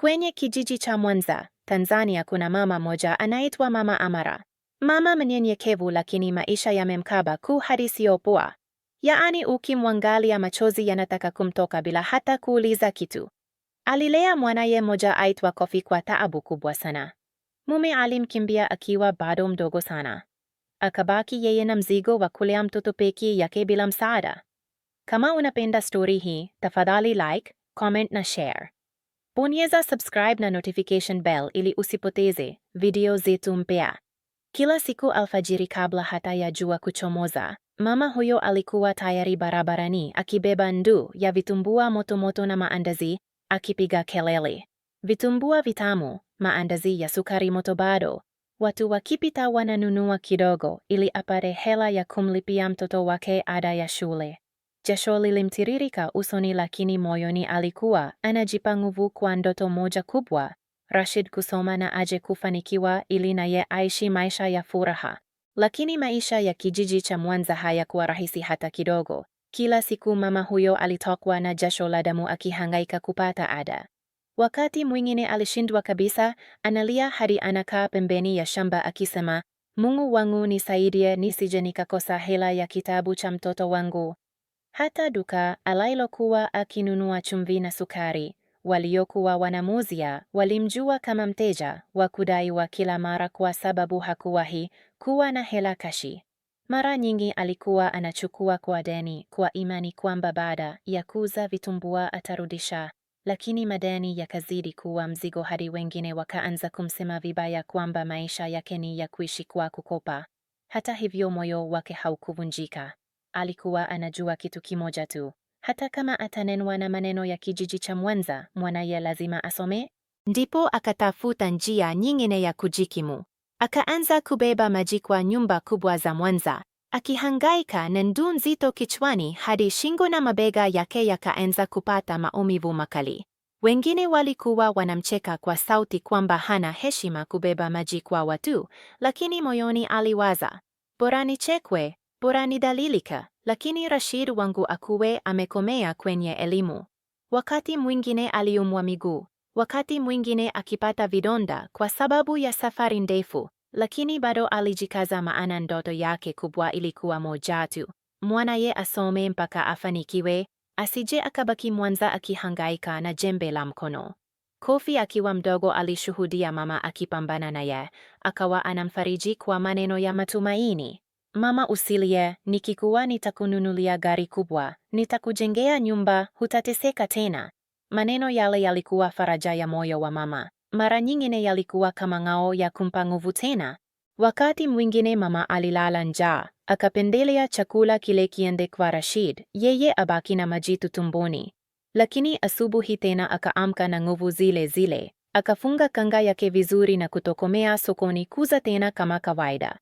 Kwenye kijiji cha Mwanza, Tanzania kuna mama moja anaitwa Mama Amara. Mama mnyenyekevu lakini maisha yamemkaba kuhadisiopua. Yaani ukimwangalia machozi yanataka kumtoka bila hata kuuliza kitu. Alilea mwanaye moja aitwa Kofi kwa taabu kubwa sana. Mume alimkimbia akiwa bado mdogo sana. Akabaki yeye na mzigo wa kulea mtoto pekee yake bila msaada. Kama unapenda stori hii, tafadhali like, comment na share. Bonyeza subscribe na notification bell ili usipoteze video zetu mpya. Kila siku alfajiri, kabla hata ya jua kuchomoza, mama huyo alikuwa tayari barabarani akibeba ndu ya vitumbua motomoto na maandazi, akipiga kelele, vitumbua vitamu, maandazi ya sukari moto bado. Watu wakipita wananunua kidogo ili apate hela ya kumlipia mtoto wake ada ya shule. Jasho lilimtiririka usoni, lakini moyoni alikuwa anajipa nguvu kwa ndoto moja kubwa: Rashid kusoma na aje kufanikiwa ili naye aishi maisha ya furaha. Lakini maisha ya kijiji cha Mwanza hayakuwa rahisi hata kidogo. Kila siku mama huyo alitokwa na jasho la damu akihangaika kupata ada. Wakati mwingine alishindwa kabisa, analia hadi anakaa pembeni ya shamba akisema, Mungu wangu nisaidie, nisije nikakosa hela ya kitabu cha mtoto wangu hata duka alilokuwa akinunua chumvi na sukari waliokuwa wanamuzia walimjua kama mteja wa kudaiwa kila mara kwa sababu hakuwahi kuwa na hela kashi. Mara nyingi alikuwa anachukua kwa deni kwa imani kwamba baada ya kuuza vitumbua atarudisha, lakini madeni yakazidi kuwa mzigo hadi wengine wakaanza kumsema vibaya kwamba maisha yake ni ya kuishi kwa kukopa. Hata hivyo moyo wake haukuvunjika. Alikuwa anajua kitu kimoja tu, hata kama atanenwa na maneno ya kijiji cha Mwanza, mwanaye lazima asome. Ndipo akatafuta njia nyingine ya kujikimu. Akaanza kubeba maji kwa nyumba kubwa za Mwanza, akihangaika na ndu nzito kichwani hadi shingo na mabega yake yakaanza kupata maumivu makali. Wengine walikuwa wanamcheka kwa sauti kwamba hana heshima kubeba maji kwa watu, lakini moyoni aliwaza, bora nichekwe bora dalilika lakini Rashid wangu akuwe amekomea kwenye elimu. Wakati mwingine aliumwa miguu, wakati mwingine akipata vidonda kwa sababu ya safari ndefu, lakini bado alijikaza, maana ndoto yake kubwa ilikuwa moja tu, mwanaye asome mpaka afanikiwe, asije akabaki Mwanza akihangaika na jembe la mkono. Kofi akiwa mdogo alishuhudia mama akipambana naye, akawa anamfariji kwa maneno ya matumaini. Mama usilie, nikikuwa nitakununulia gari kubwa, nitakujengea nyumba, hutateseka tena. Maneno yale yalikuwa faraja ya moyo wa mama, mara nyingine yalikuwa kama ngao ya kumpa nguvu tena. Wakati mwingine mama alilala njaa, akapendelea chakula kile kiende kwa Rashid, yeye abaki na majitu tumboni. Lakini asubuhi tena akaamka na nguvu zile zile, akafunga kanga yake vizuri na kutokomea sokoni kuza tena kama kawaida.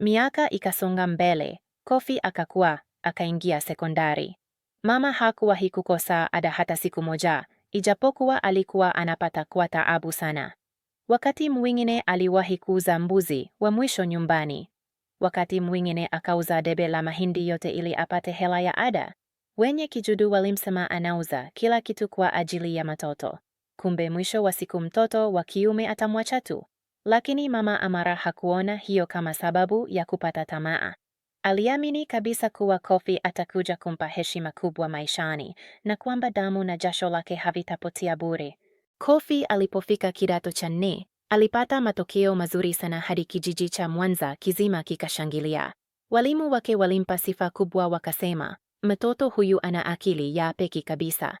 Miaka ikasonga mbele, Kofi akakua, akaingia sekondari. Mama hakuwahi kukosa ada hata siku moja, ijapokuwa alikuwa anapata kwa taabu sana. Wakati mwingine aliwahi kuuza mbuzi wa mwisho nyumbani. Wakati mwingine akauza debe la mahindi yote ili apate hela ya ada. Wenye kijudu walimsema anauza kila kitu kwa ajili ya matoto. Kumbe mwisho wa siku mtoto wa kiume atamwacha tu. Lakini Mama Amara hakuona hiyo kama sababu ya kupata tamaa. Aliamini kabisa kuwa Kofi atakuja kumpa heshima kubwa maishani na kwamba damu na jasho lake havitapotea bure. Kofi alipofika kidato cha nne, alipata matokeo mazuri sana hadi kijiji cha Mwanza kizima kikashangilia. Walimu wake walimpa sifa kubwa, wakasema, mtoto huyu ana akili ya peki kabisa.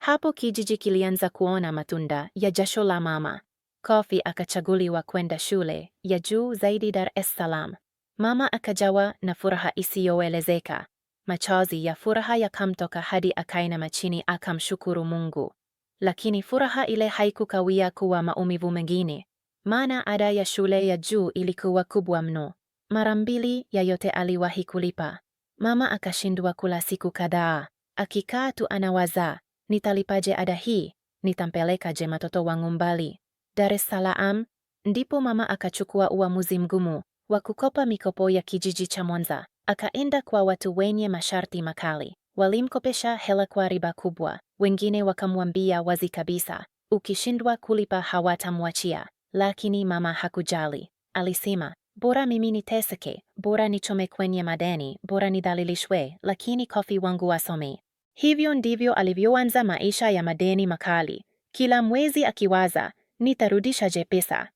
Hapo kijiji kilianza kuona matunda ya jasho la mama. Kofi akachaguliwa kwenda shule ya juu zaidi Dar es Salaam. Mama akajawa na furaha isiyoelezeka. Machozi ya furaha yakamtoka hadi akainama chini akamshukuru Mungu. Lakini furaha ile haikukawia kuwa maumivu mengine, maana ada ya shule ya juu ilikuwa kubwa mno. Mara mbili ya yote aliwahi kulipa. Mama akashindwa kula siku kadhaa, akikaa tu anawaza, nitalipaje ada hii? Nitampelekaje matoto wangu mbali? Dar es Salaam, ndipo mama akachukua uamuzi mgumu wa kukopa mikopo ya kijiji cha Mwanza. Akaenda kwa watu wenye masharti makali. Walimkopesha hela kwa riba kubwa, wengine wakamwambia wazi kabisa, ukishindwa kulipa hawatamwachia. Lakini mama hakujali, alisema bora mimi niteseke, bora nichome kwenye madeni, bora nidhalilishwe, lakini kofi wangu asome. Hivyo ndivyo alivyoanza maisha ya madeni makali, kila mwezi akiwaza nitarudisha je pesa?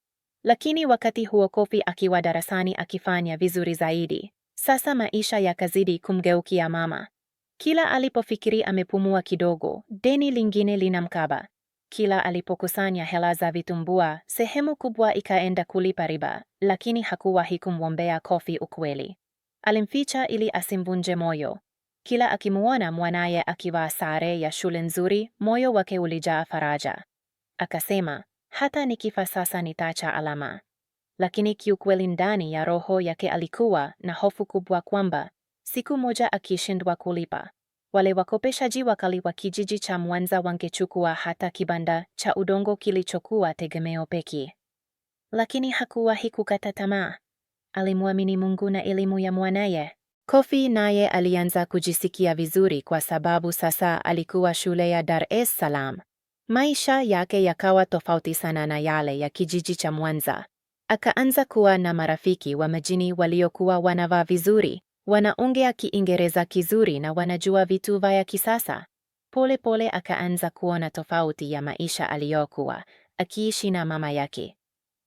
Lakini wakati huo Kofi akiwa darasani akifanya vizuri zaidi. Sasa maisha yakazidi kumgeukia mama. Kila alipofikiri amepumua kidogo, deni lingine linamkaba. Kila alipokusanya hela za vitumbua, sehemu kubwa ikaenda kulipa riba, lakini hakuwahi kumwombea Kofi ukweli. Alimficha ili asimvunje moyo. Kila akimuona mwanaye akivaa sare ya shule nzuri, moyo wake ulijaa faraja. Akasema, hata nikifa sasa nitaacha alama. Lakini kiukweli ndani ya roho yake alikuwa na hofu kubwa kwamba siku moja akishindwa kulipa, wale wakopeshaji wakali wa kijiji cha Mwanza wangechukua hata kibanda cha udongo kilichokuwa tegemeo peki. Lakini hakuwahi kukata tamaa. Alimwamini Mungu na elimu ya mwanaye. Kofi naye alianza kujisikia vizuri kwa sababu sasa alikuwa shule ya Dar es Salaam. Maisha yake yakawa tofauti sana na yale ya kijiji cha Mwanza. Akaanza kuwa na marafiki wa majini waliokuwa wanavaa vizuri, wanaongea Kiingereza kizuri na wanajua vitu vya kisasa. Pole pole akaanza kuona tofauti ya maisha aliyokuwa akiishi na mama yake.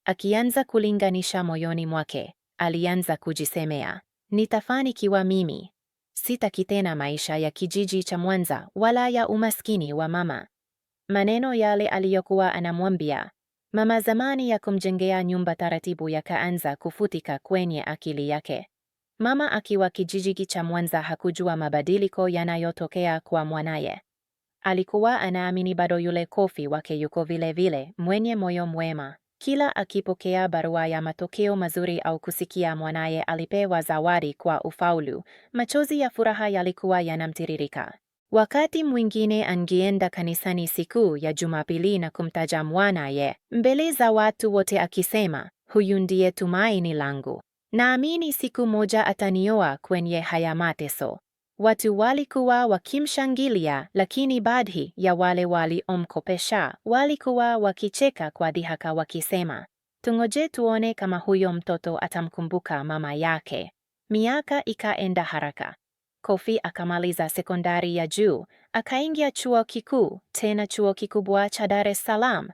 Akianza kulinganisha moyoni mwake, alianza kujisemea, nitafanikiwa mimi, sitaki tena maisha ya kijiji cha Mwanza wala ya umaskini wa mama. Maneno yale aliyokuwa anamwambia mama zamani ya kumjengea nyumba taratibu yakaanza kufutika kwenye akili yake. Mama akiwa kijiji cha Mwanza hakujua mabadiliko yanayotokea kwa mwanaye. Alikuwa anaamini bado yule kofi wake yuko vilevile, mwenye moyo mwema. Kila akipokea barua ya matokeo mazuri au kusikia mwanaye alipewa zawadi kwa ufaulu, machozi ya furaha yalikuwa yanamtiririka. Wakati mwingine angeenda kanisani siku ya Jumapili na kumtaja mwanaye mbele za watu wote akisema, huyu ndiye tumaini langu, naamini siku moja atanioa kwenye haya mateso. Watu walikuwa wakimshangilia, lakini baadhi ya wale waliomkopesha walikuwa wakicheka kwa dhihaka wakisema, tungoje tuone kama huyo mtoto atamkumbuka mama yake. Miaka ikaenda haraka. Kofi akamaliza sekondari ya juu, akaingia chuo kikuu, tena chuo kikubwa cha Dar es Salaam.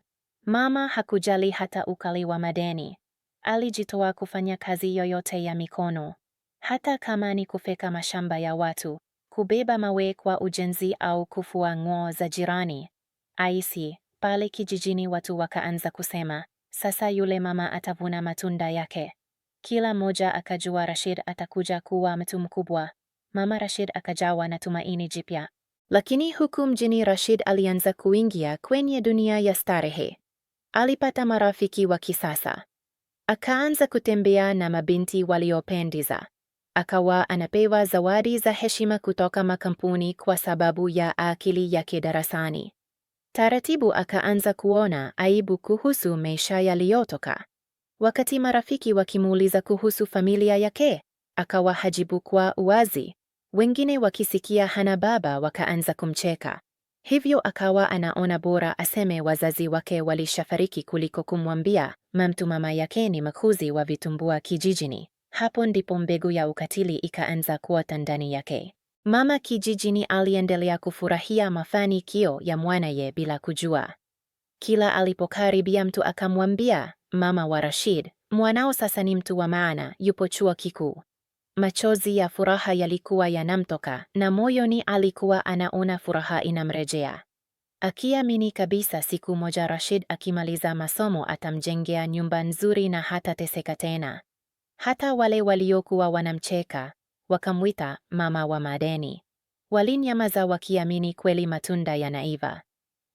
Mama hakujali hata ukali wa madeni. Alijitoa kufanya kazi yoyote ya mikono, hata kama ni kufeka mashamba ya watu, kubeba mawe kwa ujenzi au kufua nguo za jirani. Aisi, pale kijijini watu wakaanza kusema, sasa yule mama atavuna matunda yake. Kila mmoja akajua Rashid atakuja kuwa mtu mkubwa. Mama Rashid akajawa na tumaini jipya. Lakini huku mjini, Rashid alianza kuingia kwenye dunia ya starehe. Alipata marafiki wa kisasa, akaanza kutembea na mabinti waliopendeza, akawa anapewa zawadi za heshima kutoka makampuni kwa sababu ya akili yake darasani. Taratibu akaanza kuona aibu kuhusu maisha yaliyotoka. Wakati marafiki wakimuuliza kuhusu familia yake, akawa hajibu kwa uwazi. Wengine wakisikia hana baba wakaanza kumcheka, hivyo akawa anaona bora aseme wazazi wake walishafariki kuliko kumwambia mamtu mama yake ni makuzi wa vitumbua kijijini. Hapo ndipo mbegu ya ukatili ikaanza kuota ndani yake. Mama kijijini aliendelea kufurahia mafanikio ya mwanaye bila kujua. Kila alipokaribia mtu akamwambia, mama wa Rashid, mwanao sasa ni mtu wa maana, yupo chuo kikuu. Machozi ya furaha yalikuwa yanamtoka na moyoni alikuwa anaona furaha inamrejea, akiamini kabisa siku moja Rashid akimaliza masomo atamjengea nyumba nzuri na hatateseka tena. Hata wale waliokuwa wanamcheka wakamwita mama wa madeni walinyamaza, wakiamini kweli matunda yanaiva.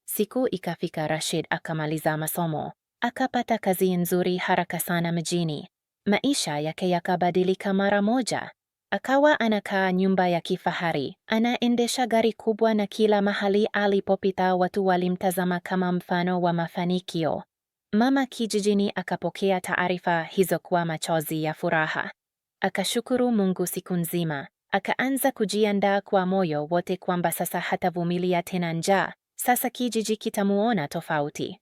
Siku ikafika, Rashid akamaliza masomo akapata kazi nzuri haraka sana mjini. Maisha yake yakabadilika mara moja. Akawa anakaa nyumba ya kifahari, anaendesha gari kubwa, na kila mahali alipopita watu walimtazama kama mfano wa mafanikio. Mama kijijini akapokea taarifa hizo kwa machozi ya furaha. Akashukuru Mungu siku nzima, akaanza kujiandaa kwa moyo wote kwamba sasa hatavumilia tena njaa. Sasa kijiji kitamuona tofauti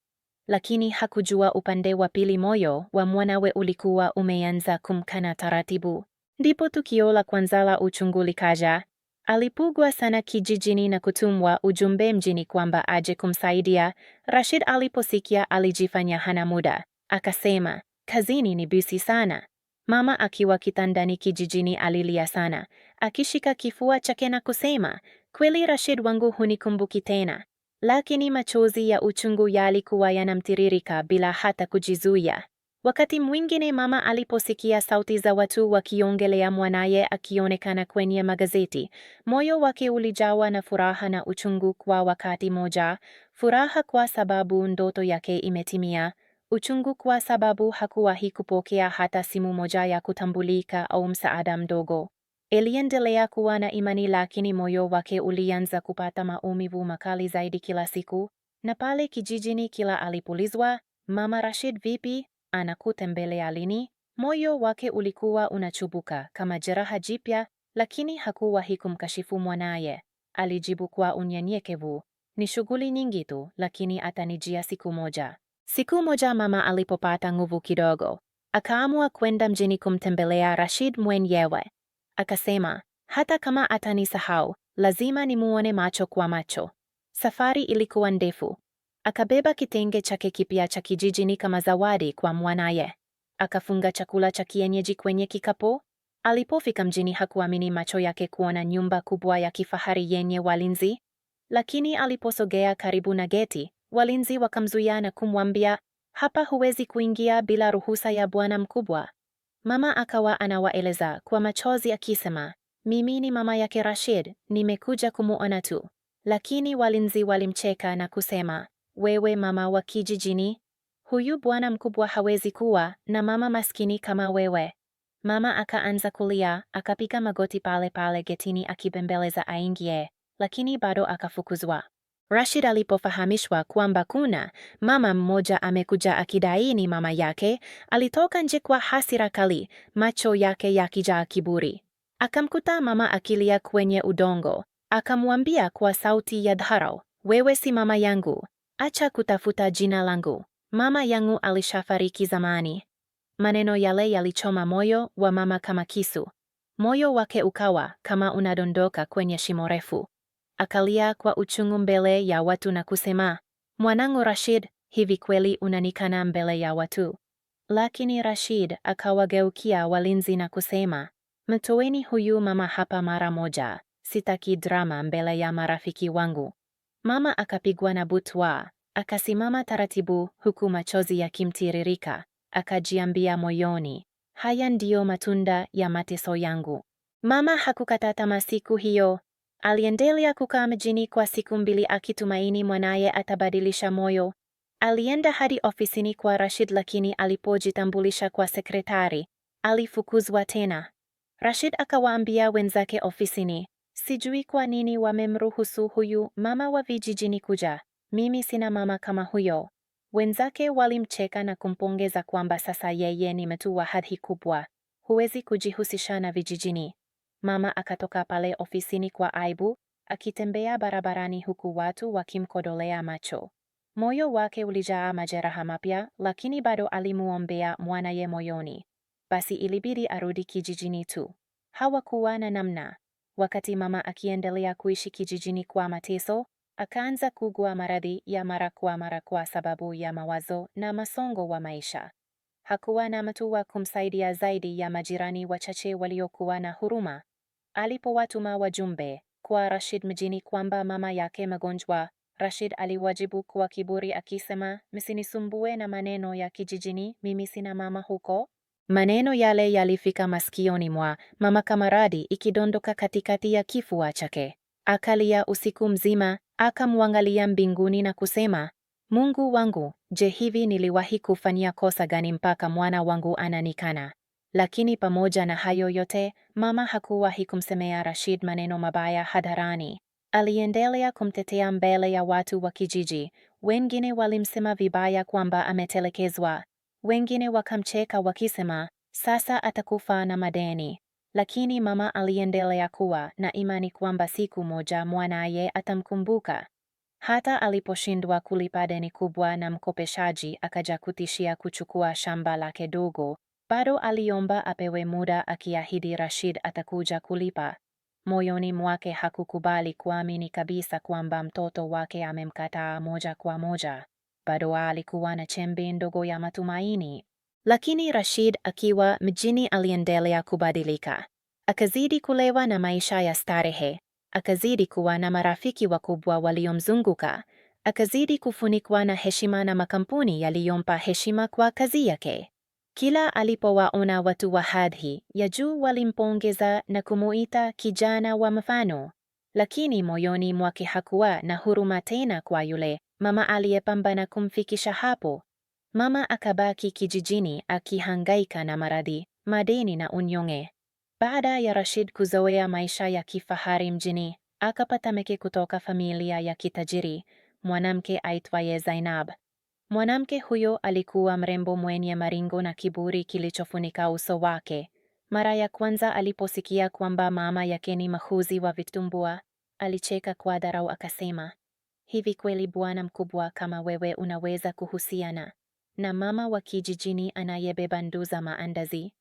lakini hakujua upande wa pili moyo wa mwanawe ulikuwa umeanza kumkana taratibu. Ndipo tukio la kwanza la uchungu likaja. Alipugwa sana kijijini na kutumwa ujumbe mjini kwamba aje kumsaidia. Rashid aliposikia alijifanya hana muda, akasema kazini ni busy sana. Mama akiwa kitandani kijijini alilia sana, akishika kifua chake na kusema, kweli Rashid wangu hunikumbuki tena lakini machozi ya uchungu yalikuwa yanamtiririka bila hata kujizuia. Wakati mwingine mama aliposikia sauti za watu wakiongelea mwanaye akionekana kwenye magazeti, moyo wake ulijawa na furaha na uchungu kwa wakati moja: furaha kwa sababu ndoto yake imetimia, uchungu kwa sababu hakuwahi kupokea hata simu moja ya kutambulika au msaada mdogo iliendelea kuwa na imani, lakini moyo wake ulianza kupata maumivu makali zaidi kila siku. Na pale kijijini, kila alipulizwa mama Rashid vipi, anakutembelea lini, moyo wake ulikuwa unachubuka kama jeraha jipya, lakini hakuwahi kumkashifu mwanaye. Alijibu kwa unyenyekevu, ni shughuli nyingi tu, lakini atanijia siku moja. Siku moja mama alipopata nguvu kidogo, akaamua kwenda mjini kumtembelea Rashid mwenyewe. Akasema, hata kama atanisahau, lazima nimuone macho kwa macho. Safari ilikuwa ndefu. Akabeba kitenge chake kipya cha kijijini kama zawadi kwa mwanaye. Akafunga chakula cha kienyeji kwenye kikapu. Alipofika mjini hakuamini macho yake kuona nyumba kubwa ya kifahari yenye walinzi, lakini aliposogea karibu na geti, walinzi wakamzuia na kumwambia, hapa huwezi kuingia bila ruhusa ya bwana mkubwa. Mama akawa anawaeleza kwa machozi akisema, mimi ni mama yake Rashid, nimekuja kumuona tu. Lakini walinzi walimcheka na kusema, wewe mama wa kijijini, huyu bwana mkubwa hawezi kuwa na mama maskini kama wewe. Mama akaanza kulia, akapiga magoti pale pale getini akibembeleza aingie, lakini bado akafukuzwa. Rashid alipofahamishwa kwamba kuna mama mmoja amekuja akidai ni mama yake, alitoka nje kwa hasira kali, macho yake yakijaa kiburi. Akamkuta mama akilia kwenye udongo, akamwambia kwa sauti ya dharau, wewe si mama yangu, acha kutafuta jina langu, mama yangu alishafariki zamani. Maneno yale yalichoma moyo wa mama kama kisu. Moyo wake ukawa kama unadondoka kwenye shimo refu. Akalia kwa uchungu mbele ya watu na kusema, mwanangu Rashid, hivi kweli unanikana mbele ya watu? Lakini Rashid akawageukia walinzi na kusema, mtoweni huyu mama hapa mara moja, sitaki drama mbele ya marafiki wangu. Mama akapigwa na butwa, akasimama taratibu, huku machozi yakimtiririka. Akajiambia moyoni, haya ndiyo matunda ya mateso yangu. Mama hakukata tamaa siku hiyo, Aliendelea kukaa mjini kwa siku mbili akitumaini mwanaye atabadilisha moyo. Alienda hadi ofisini kwa Rashid lakini alipojitambulisha kwa sekretari, alifukuzwa tena. Rashid akawaambia wenzake ofisini, sijui kwa nini wamemruhusu huyu mama wa vijijini kuja. Mimi sina mama kama huyo. Wenzake walimcheka na kumpongeza kwamba sasa yeye ni mtu wa hadhi kubwa, huwezi kujihusisha na vijijini. Mama akatoka pale ofisini kwa aibu, akitembea barabarani huku watu wakimkodolea macho. Moyo wake ulijaa majeraha mapya, lakini bado alimuombea mwanaye moyoni. Basi ilibidi arudi kijijini tu. Hawakuwa na namna. Wakati mama akiendelea kuishi kijijini kwa mateso, akaanza kugua maradhi ya mara kwa mara kwa sababu ya mawazo na masongo wa maisha. Hakuwa na mtu wa kumsaidia zaidi ya majirani wachache waliokuwa na huruma. Alipowatuma wajumbe kwa Rashid mjini kwamba mama yake magonjwa Rashid aliwajibu kwa kiburi akisema, msinisumbue na maneno ya kijijini, mimi sina mama huko. Maneno yale yalifika masikioni mwa mama Kamaradi ikidondoka katikati ya kifua chake. Akalia usiku mzima, akamwangalia mbinguni na kusema, Mungu wangu, je, hivi niliwahi kufanyia kosa gani mpaka mwana wangu ananikana? Lakini pamoja na hayo yote, mama hakuwahi kumsemea Rashid maneno mabaya hadharani. Aliendelea kumtetea mbele ya watu wa kijiji. Wengine walimsema vibaya kwamba ametelekezwa, wengine wakamcheka wakisema sasa atakufa na madeni. Lakini mama aliendelea kuwa na imani kwamba siku moja mwanaye atamkumbuka. Hata aliposhindwa kulipa deni kubwa na mkopeshaji akaja kutishia kuchukua shamba lake dogo, bado aliomba apewe muda akiahidi Rashid atakuja kulipa. Moyoni mwake hakukubali kuamini kabisa kwamba mtoto wake amemkataa moja kwa moja. Bado alikuwa na chembe ndogo ya matumaini. Lakini Rashid akiwa mjini aliendelea kubadilika. Akazidi kulewa na maisha ya starehe, akazidi kuwa na marafiki wakubwa waliomzunguka, akazidi kufunikwa na heshima na makampuni yaliyompa heshima kwa kazi yake. Kila alipowaona watu wa hadhi ya juu walimpongeza na kumuita kijana wa mfano, lakini moyoni mwake hakuwa na huruma tena kwa yule mama aliyepambana kumfikisha hapo. Mama akabaki kijijini akihangaika na maradhi, madeni na unyonge. Baada ya Rashid kuzoea maisha ya kifahari mjini, akapata mke kutoka familia ya kitajiri, mwanamke aitwaye Zainab. Mwanamke huyo alikuwa mrembo mwenye maringo na kiburi kilichofunika uso wake. Mara ya kwanza aliposikia kwamba mama yake ni mahuzi wa vitumbua, alicheka kwa dharau akasema, hivi kweli bwana mkubwa kama wewe unaweza kuhusiana na mama wa kijijini anayebeba ndoo za maandazi?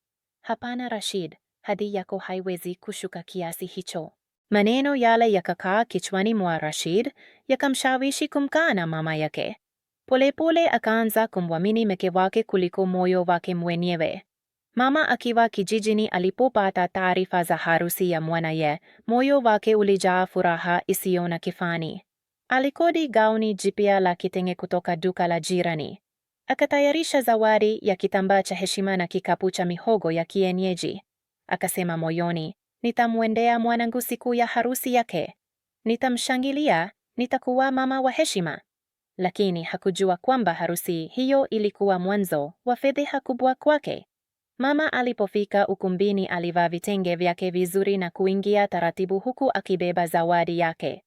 Hapana Rashid, hadhi yako haiwezi kushuka kiasi hicho. Maneno yale yakakaa kichwani mwa Rashid, yakamshawishi kumkaa na mama yake. Polepole akaanza kumwamini mke wake kuliko moyo wake mwenyewe. Mama akiwa kijijini alipopata taarifa za harusi ya mwanaye, moyo wake ulijaa furaha isiyo na kifani. Alikodi gauni jipya la kitenge kutoka duka la jirani, akatayarisha zawadi ya kitambaa cha heshima na kikapu cha mihogo ya kienyeji. Akasema moyoni, nitamwendea mwanangu siku ya harusi yake, nitamshangilia, nitakuwa mama wa heshima lakini hakujua kwamba harusi hiyo ilikuwa mwanzo wa fedheha kubwa kwake. Mama alipofika ukumbini, alivaa vitenge vyake vizuri na kuingia taratibu, huku akibeba zawadi yake.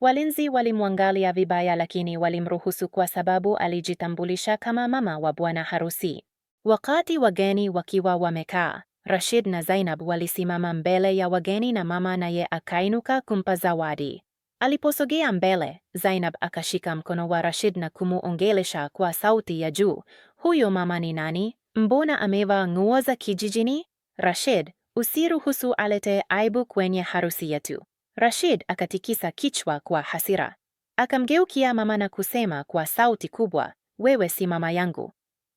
Walinzi walimwangalia vibaya, lakini walimruhusu kwa sababu alijitambulisha kama mama wa bwana harusi. Wakati wageni wakiwa wamekaa, Rashid na Zainab walisimama mbele ya wageni na mama naye akainuka kumpa zawadi. Aliposogea mbele, Zainab akashika mkono wa Rashid na kumuongelesha kwa sauti ya juu, huyo mama ni nani? Mbona amevaa nguo za kijijini? Rashid, usiruhusu alete aibu kwenye harusi yetu. Rashid akatikisa kichwa kwa hasira, akamgeukia mama na kusema kwa sauti kubwa, wewe si mama yangu,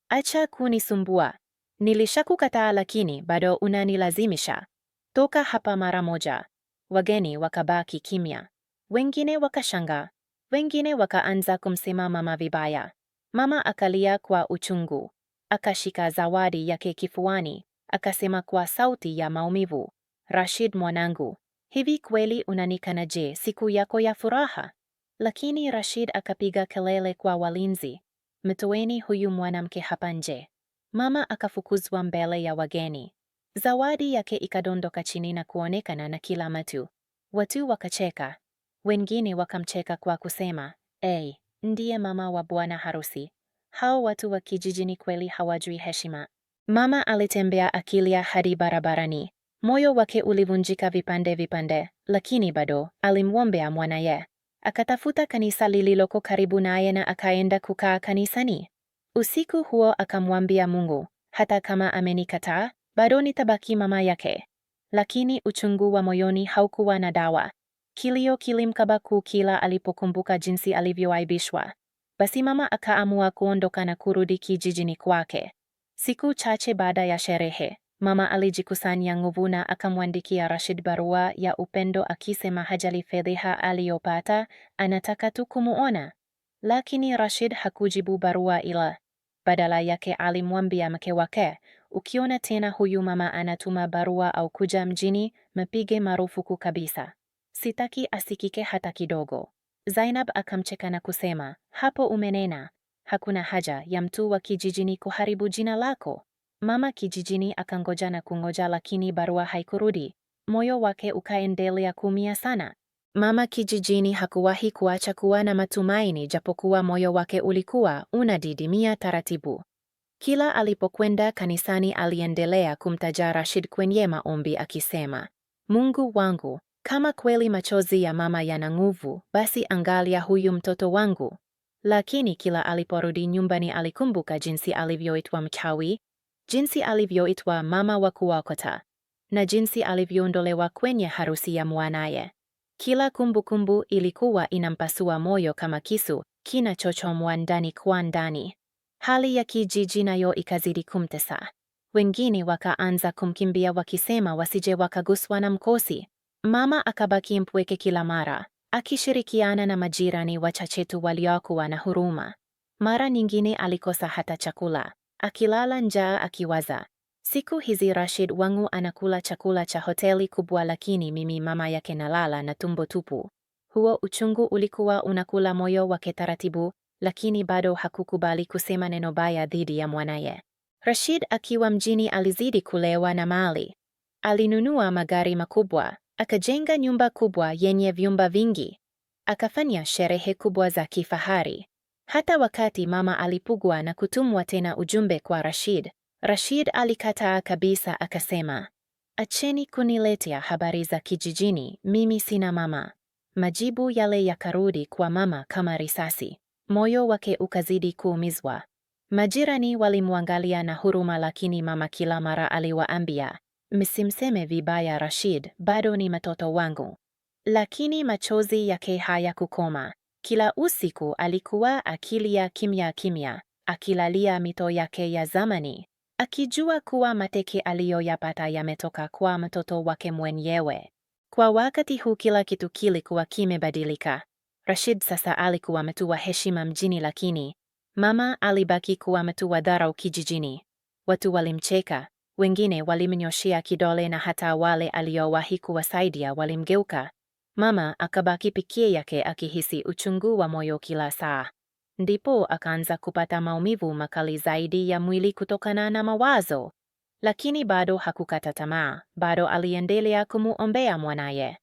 acha kunisumbua. Nilishakukataa lakini bado unanilazimisha. Toka hapa mara moja. Wageni wakabaki kimya. Wengine wakashanga wengine wakaanza kumsema mama vibaya. Mama akalia kwa uchungu, akashika zawadi yake kifuani, akasema kwa sauti ya maumivu, Rashid mwanangu, hivi kweli unanikanaje siku yako ya furaha? Lakini Rashid akapiga kelele kwa walinzi, mtoeni huyu mwanamke hapa nje. Mama akafukuzwa mbele ya wageni. Zawadi yake ikadondoka chini na kuonekana na kila mtu. Watu wakacheka, wengine wakamcheka kwa kusema, ei, hey, ndiye mama wa bwana harusi. Hao watu wa kijijini kweli hawajui heshima. Mama alitembea akilia hadi barabarani. Moyo wake ulivunjika vipande vipande, lakini bado alimwombea mwanaye. Akatafuta kanisa lililoko karibu naye na akaenda kukaa kanisani. Usiku huo akamwambia Mungu, hata kama amenikataa, bado nitabaki mama yake. Lakini uchungu wa moyoni haukuwa na dawa. Kilio kilimkaba kuu kila alipokumbuka jinsi alivyoaibishwa. Basi mama akaamua kuondoka na kurudi kijijini kwake. Siku chache baada ya sherehe, mama alijikusanya nguvu na akamwandikia Rashid barua ya upendo akisema hajali fedheha aliyopata, anataka tu kumuona. Lakini Rashid hakujibu barua ila badala yake alimwambia mke wake, ukiona tena huyu mama anatuma barua au kuja mjini, mpige marufuku kabisa. Sitaki asikike hata kidogo. Zainab akamcheka na kusema, hapo umenena. Hakuna haja ya mtu wa kijijini kuharibu jina lako. Mama kijijini akangoja na kungoja, lakini barua haikurudi. Moyo wake ukaendelea kuumia sana. Mama kijijini hakuwahi kuacha kuwa na matumaini, japokuwa moyo wake ulikuwa unadidimia taratibu. Kila alipokwenda kanisani, aliendelea kumtaja Rashid kwenye maombi akisema, Mungu wangu, kama kweli machozi ya mama yana nguvu, basi angalia huyu mtoto wangu. Lakini kila aliporudi nyumbani alikumbuka jinsi alivyoitwa mchawi, jinsi alivyoitwa mama wa kuokota, na jinsi alivyoondolewa kwenye harusi ya mwanaye. Kila kumbukumbu kumbu ilikuwa inampasua moyo kama kisu kinachochomwa ndani kwa ndani. Hali ya kijiji nayo ikazidi kumtesa. Wengine wakaanza kumkimbia wakisema wasije wakaguswa na mkosi. Mama akabaki mpweke kila mara, akishirikiana na majirani wachache tu waliokuwa na huruma. Mara nyingine alikosa hata chakula, akilala njaa akiwaza, siku hizi Rashid wangu anakula chakula cha hoteli kubwa, lakini mimi mama yake nalala na tumbo tupu. Huo uchungu ulikuwa unakula moyo wake taratibu, lakini bado hakukubali kusema neno baya dhidi ya mwanaye. Rashid akiwa mjini alizidi kulewa na mali. Alinunua magari makubwa, Akajenga nyumba kubwa yenye vyumba vingi. Akafanya sherehe kubwa za kifahari. Hata wakati mama alipugwa na kutumwa tena ujumbe kwa Rashid, Rashid alikataa kabisa, akasema, acheni kuniletea habari za kijijini, mimi sina mama. Majibu yale yakarudi kwa mama kama risasi. Moyo wake ukazidi kuumizwa. Majirani walimwangalia na huruma, lakini mama kila mara aliwaambia, Msimseme vibaya Rashid, bado ni mtoto wangu. Lakini machozi yake hayakukoma. Kila usiku alikuwa akilia kimya kimya, akilalia mito yake ya zamani, akijua kuwa mateke aliyoyapata yametoka kwa mtoto wake mwenyewe. Kwa wakati huu kila kitu kilikuwa kimebadilika. Rashid sasa alikuwa mtu wa heshima mjini, lakini mama alibaki kuwa mtu wa dharau kijijini. Watu walimcheka, wengine walimnyoshia kidole na hata wale aliowahi kuwasaidia walimgeuka. Mama akabaki pekee yake akihisi uchungu wa moyo kila saa. Ndipo akaanza kupata maumivu makali zaidi ya mwili kutokana na mawazo, lakini bado hakukata tamaa. Bado aliendelea kumuombea mwanaye.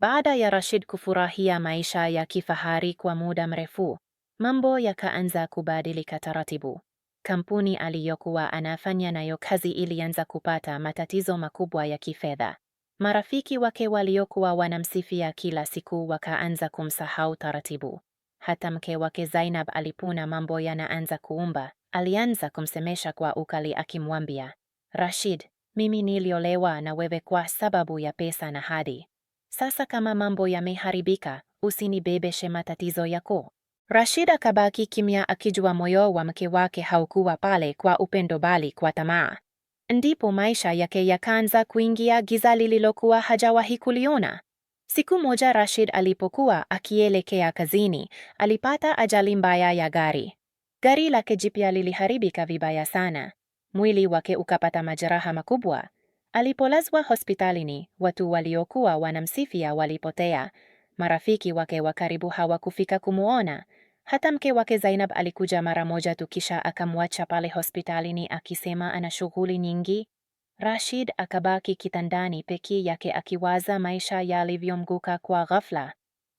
Baada ya Rashid kufurahia maisha ya kifahari kwa muda mrefu, mambo yakaanza kubadilika taratibu. Kampuni aliyokuwa anafanya nayo kazi ilianza kupata matatizo makubwa ya kifedha. Marafiki wake waliokuwa wanamsifia kila siku wakaanza kumsahau taratibu. Hata mke wake Zainab alipuna mambo yanaanza kuumba, alianza kumsemesha kwa ukali akimwambia, Rashid, mimi niliolewa na wewe kwa sababu ya pesa na hadhi. Sasa kama mambo yameharibika, usinibebeshe matatizo yako. Rashida kabaki kimya, akijua moyo wa mke wake haukuwa pale kwa upendo, bali kwa tamaa. Ndipo maisha yake yakaanza kuingia giza lililokuwa hajawahi kuliona. Siku moja Rashid alipokuwa akielekea kazini, alipata ajali mbaya ya gari. Gari lake jipya liliharibika vibaya sana, mwili wake ukapata majeraha makubwa. Alipolazwa hospitalini, watu waliokuwa wanamsifia walipotea. Marafiki wake wa karibu hawakufika kumwona. Hata mke wake Zainab alikuja mara moja tu kisha akamwacha pale hospitalini akisema ana shughuli nyingi. Rashid akabaki kitandani peke yake akiwaza maisha yalivyomguka kwa ghafla.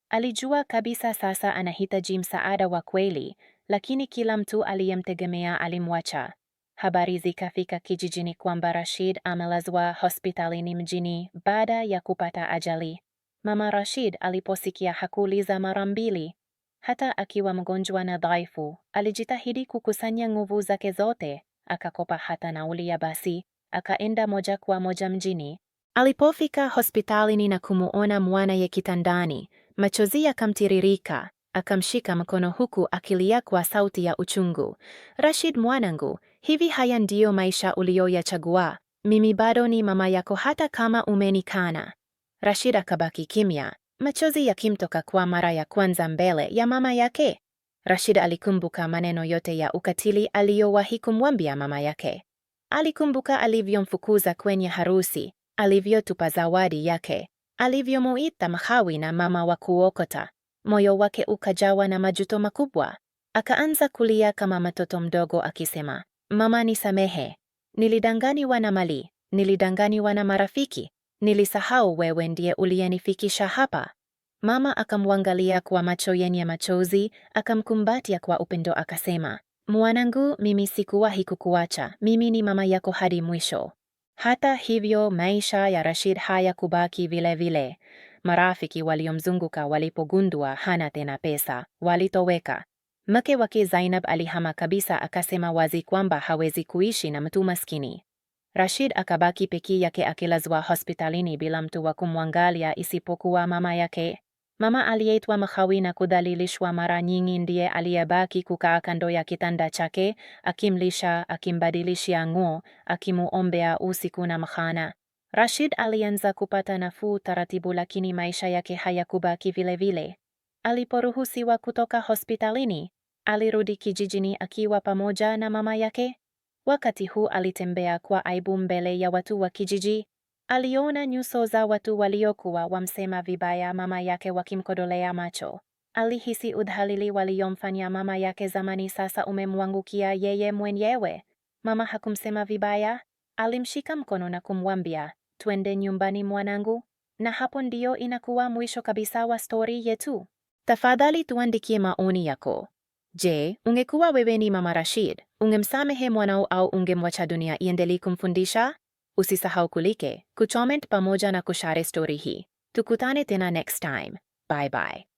Alijua kabisa sasa anahitaji msaada wa kweli, lakini kila mtu aliyemtegemea alimwacha. Habari zikafika kijijini kwamba Rashid amelazwa hospitalini mjini baada ya kupata ajali. Mama Rashid aliposikia hakuuliza mara mbili, hata akiwa mgonjwa na dhaifu, alijitahidi kukusanya nguvu zake zote, akakopa hata nauli ya basi, akaenda moja kwa moja mjini. Alipofika hospitalini na kumuona mwanaye kitandani, machozi yakamtiririka. Akamshika mkono huku akilia kwa sauti ya uchungu. Rashid, mwanangu, hivi haya ndiyo maisha uliyoyachagua. Mimi bado ni mama yako hata kama umenikana. Rashid akabaki kimya, machozi yakimtoka kwa mara ya kwanza mbele ya mama yake. Rashid alikumbuka maneno yote ya ukatili aliyowahi kumwambia mama yake. Alikumbuka alivyomfukuza kwenye harusi, alivyotupa zawadi yake, alivyomuita mahawi na mama wa kuokota. Moyo wake ukajawa na majuto makubwa, akaanza kulia kama mtoto mdogo akisema, mama nisamehe, nilidanganiwa na mali, nilidanganiwa na marafiki, Nilisahau wewe ndiye uliyenifikisha hapa. Mama akamwangalia kwa macho yenye machozi, akamkumbatia kwa upendo, akasema, mwanangu, mimi sikuwahi kukuacha, mimi ni mama yako hadi mwisho. Hata hivyo, maisha ya Rashid hayakubaki vile vile. Marafiki waliomzunguka walipogundua hana tena pesa, walitoweka. Mke wake Zainab alihama kabisa, akasema wazi kwamba hawezi kuishi na mtu maskini. Rashid akabaki peke yake akilazwa hospitalini bila mtu wa kumwangalia isipokuwa mama yake. Mama aliyeitwa Mahawi na kudhalilishwa mara nyingi ndiye aliyebaki kukaa kando ya kitanda chake, akimlisha, akimbadilishia nguo, akimuombea usiku na mchana. Rashid alianza kupata nafuu taratibu, lakini maisha yake hayakubaki vilevile. Aliporuhusiwa kutoka hospitalini, alirudi kijijini akiwa pamoja na mama yake. Wakati huu alitembea kwa aibu mbele ya watu wa kijiji. Aliona nyuso za watu waliokuwa wamsema vibaya mama yake wakimkodolea macho. Alihisi udhalili waliomfanya mama yake zamani sasa umemwangukia yeye mwenyewe. Mama hakumsema vibaya, alimshika mkono na kumwambia, twende nyumbani mwanangu. Na hapo ndio inakuwa mwisho kabisa wa stori yetu. Tafadhali tuandikie maoni yako. Je, ungekuwa wewe ni Mama Rashid, ungemsamehe mwanao au ungemwacha dunia iendelee kumfundisha? Usisahau kulike, kucomment pamoja na kushare story hii. Tukutane tena next time. Bye bye.